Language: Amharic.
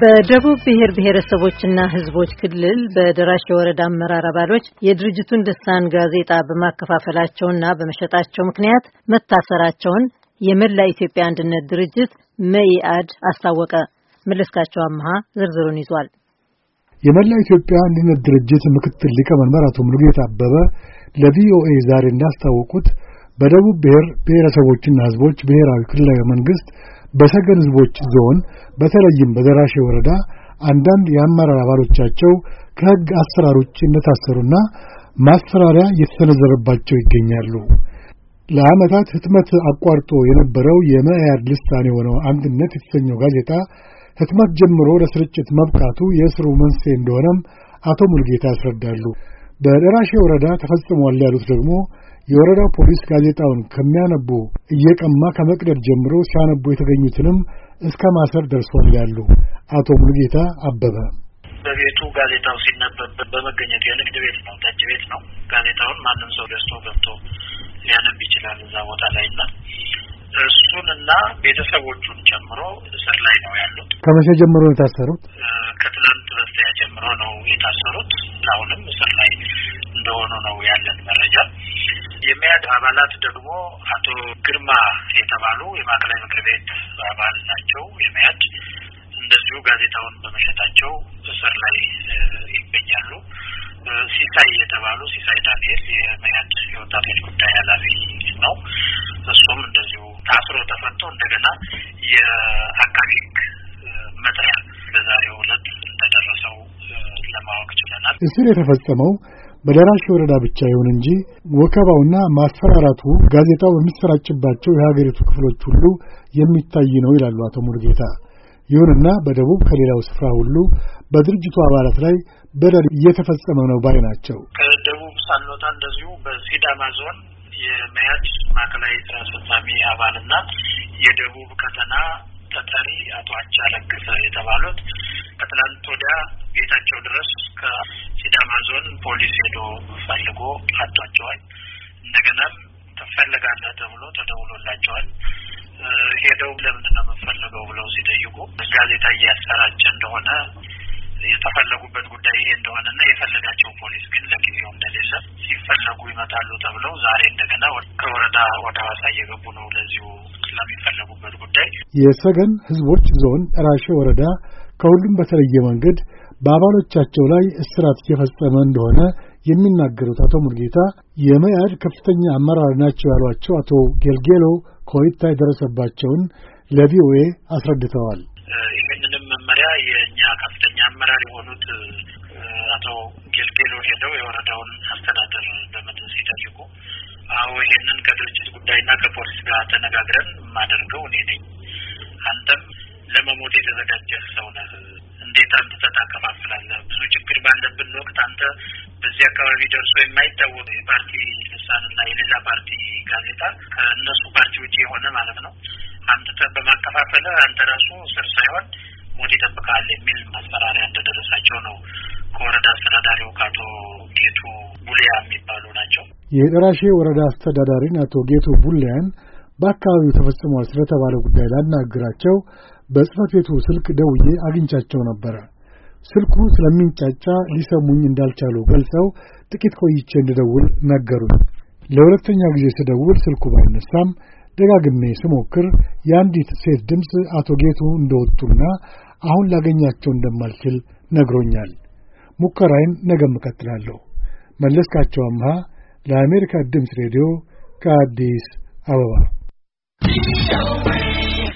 በደቡብ ብሔር ብሔረሰቦችና ሕዝቦች ክልል በደራሽ የወረዳ አመራር አባሎች የድርጅቱን ድሳን ጋዜጣ በማከፋፈላቸውና በመሸጣቸው ምክንያት መታሰራቸውን የመላ ኢትዮጵያ አንድነት ድርጅት መኢአድ አስታወቀ። መለስካቸው አምሃ ዝርዝሩን ይዟል። የመላ ኢትዮጵያ አንድነት ድርጅት ምክትል ሊቀመንበር አቶ ሙሉጌታ አበበ ለቪኦኤ ዛሬ እንዳስታወቁት በደቡብ ብሔር ብሔረሰቦችና ህዝቦች ብሔራዊ ክልላዊ መንግስት በሰገን ህዝቦች ዞን በተለይም በደራሼ ወረዳ አንዳንድ የአመራር አባሎቻቸው ከህግ አሰራር ውጭ እንደታሰሩና ማስፈራሪያ እየተሰነዘረባቸው ይገኛሉ። ለአመታት ህትመት አቋርጦ የነበረው የመያድ ልሳን የሆነው አንድነት የተሰኘው ጋዜጣ ህትመት ጀምሮ ለስርጭት መብቃቱ የእስሩ መንስኤ እንደሆነም አቶ ሙልጌታ ያስረዳሉ። በደራሼ ወረዳ ተፈጽሟል ያሉት ደግሞ የወረዳው ፖሊስ ጋዜጣውን ከሚያነቡ እየቀማ ከመቅደድ ጀምሮ ሲያነቡ የተገኙትንም እስከ ማሰር ደርሷል ያሉ አቶ ሙሉጌታ አበበ በቤቱ ጋዜጣው ሲነበብ በመገኘት የንግድ ቤት ነው፣ ጠጅ ቤት ነው። ጋዜጣውን ማንም ሰው ገዝቶ ገብቶ ሊያነብ ይችላል እዛ ቦታ ላይ እና እሱን እና ቤተሰቦቹን ጨምሮ እስር ላይ ነው ያሉት። ከመቼ ጀምሮ ነው የታሰሩት? ከትላንት በስቲያ ጀምሮ ነው የታሰሩት። አሁንም እስር ላይ እንደሆኑ ነው ያለን መረጃ። የሚያድ አባላት ደግሞ አቶ ግርማ የተባሉ የማዕከላዊ ምክር ቤት አባል ናቸው። የሚያድ እንደዚሁ ጋዜጣውን በመሸጣቸው እስር ላይ ይገኛሉ። ሲሳይ የተባሉ ሲሳይ ዳንኤል የመያድ የወጣቶች ጉዳይ ኃላፊ ነው። እሱም እንደዚሁ ታስሮ ተፈቶ እንደገና የአቃቤ ሕግ መጥሪያ በዛሬው ዕለት እንደደረሰው ለማወቅ ችለናል። እስር የተፈጸመው በደራሽ ወረዳ ብቻ ይሁን እንጂ ወከባውና ማስፈራራቱ ጋዜጣው በሚሰራጭባቸው የሀገሪቱ ክፍሎች ሁሉ የሚታይ ነው ይላሉ አቶ ሙሉጌታ። ይሁንና በደቡብ ከሌላው ስፍራ ሁሉ በድርጅቱ አባላት ላይ በደል እየተፈጸመ ነው ባይ ናቸው። ከደቡብ ሳንወጣ እንደዚሁ በሲዳማ ዞን የመያጅ ማዕከላዊ ስራ አስፈጻሚ አባልና የደቡብ ቀጠና ተጠሪ አቶ አቻ ለገሰ የተባሉት ከትላንት ወዲያ ቤታቸው ድረስ ሲዳማ ዞን ፖሊስ ሄዶ ፈልጎ አጧቸዋል። እንደገናም ትፈልጋለህ ተብሎ ተደውሎላቸዋል። ሄደው ለምንድን ነው የምትፈልገው ብለው ሲጠይቁ ጋዜጣ እያሰራጨ እንደሆነ የተፈለጉበት ጉዳይ ይሄ እንደሆነና የፈለጋቸው ፖሊስ ግን ለጊዜው እንደሌለ ሲፈለጉ ይመጣሉ ተብለው ዛሬ እንደገና ከወረዳ ወደ ሐዋሳ እየገቡ ነው ለዚሁ ለሚፈለጉበት ጉዳይ። የሰገን ህዝቦች ዞን ራሼ ወረዳ ከሁሉም በተለየ መንገድ በአባሎቻቸው ላይ እስራት እየፈጸመ እንደሆነ የሚናገሩት አቶ ሙልጌታ የመያድ ከፍተኛ አመራር ናቸው ያሏቸው አቶ ጌልጌሎ ኮይታ የደረሰባቸውን ለቪኦኤ አስረድተዋል። ይህንንም መመሪያ የእኛ ከፍተኛ አመራር የሆኑት አቶ ጌልጌሎ ሄደው የወረዳውን አስተዳደር በመጥን ሲጠይቁ፣ አዎ ይሄንን ከድርጅት ጉዳይና ከፖሊስ ጋር ተነጋግረን የማደርገው እኔ ነኝ። አንተም ለመሞት የተዘጋጀህ ሰው ነህ እንዴት አንተ አከፋፍላለህ? ብዙ ችግር ባለብን ወቅት አንተ በዚህ አካባቢ ደርሶ የማይታወቅ የፓርቲ ልሳንና የሌላ ፓርቲ ጋዜጣ ከእነሱ ፓርቲ ውጭ የሆነ ማለት ነው አምጥተህ በማከፋፈለ አንተ ራሱ ስር ሳይሆን ሞት ይጠብቃል የሚል ማስፈራሪያ እንደደረሳቸው ነው ከወረዳ አስተዳዳሪው ከአቶ ጌቱ ቡሊያ የሚባሉ ናቸው። የደራሼ ወረዳ አስተዳዳሪን አቶ ጌቱ ቡሊያን በአካባቢው ተፈጽሟል ስለተባለ ጉዳይ ላናግራቸው በጽህፈት ቤቱ ስልክ ደውዬ አግኝቻቸው ነበረ። ስልኩ ስለሚንጫጫ ሊሰሙኝ እንዳልቻሉ ገልጸው ጥቂት ቆይቼ እንድደውል ነገሩኝ። ለሁለተኛ ጊዜ ስደውል ስልኩ ባይነሳም ደጋግሜ ስሞክር የአንዲት ሴት ድምፅ አቶ ጌቱ እንደወጡና አሁን ላገኛቸው እንደማልችል ነግሮኛል። ሙከራዬን ነገም እቀጥላለሁ። መለስካቸው አምሃ ለአሜሪካ ድምፅ ሬዲዮ ከአዲስ አበባ Be away.